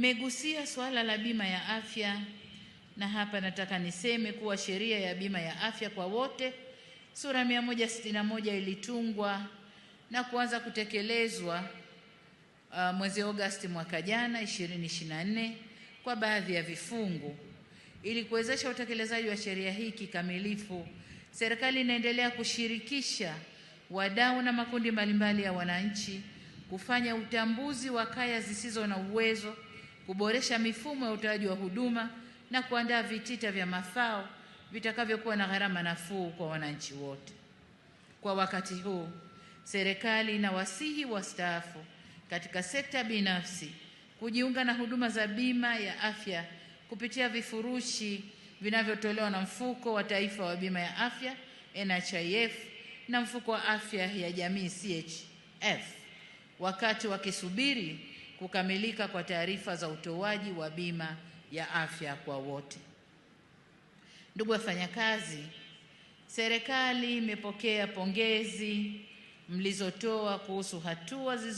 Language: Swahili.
Mmegusia suala la bima ya afya, na hapa nataka niseme kuwa sheria ya bima ya afya kwa wote sura 161 ilitungwa na kuanza kutekelezwa uh, mwezi Agosti mwaka jana 2024 kwa baadhi ya vifungu. Ili kuwezesha utekelezaji wa sheria hii kikamilifu, serikali inaendelea kushirikisha wadau na makundi mbalimbali ya wananchi kufanya utambuzi wa kaya zisizo na uwezo kuboresha mifumo ya utoaji wa huduma na kuandaa vitita vya mafao vitakavyokuwa na gharama nafuu kwa wananchi wote. Kwa wakati huu, serikali inawasihi wastaafu katika sekta binafsi kujiunga na huduma za bima ya afya kupitia vifurushi vinavyotolewa na Mfuko wa Taifa wa Bima ya Afya NHIF na Mfuko wa Afya ya Jamii CHF wakati wakisubiri kukamilika kwa taarifa za utoaji wa bima ya afya kwa wote. Ndugu wafanyakazi, serikali imepokea pongezi mlizotoa kuhusu hatua zizo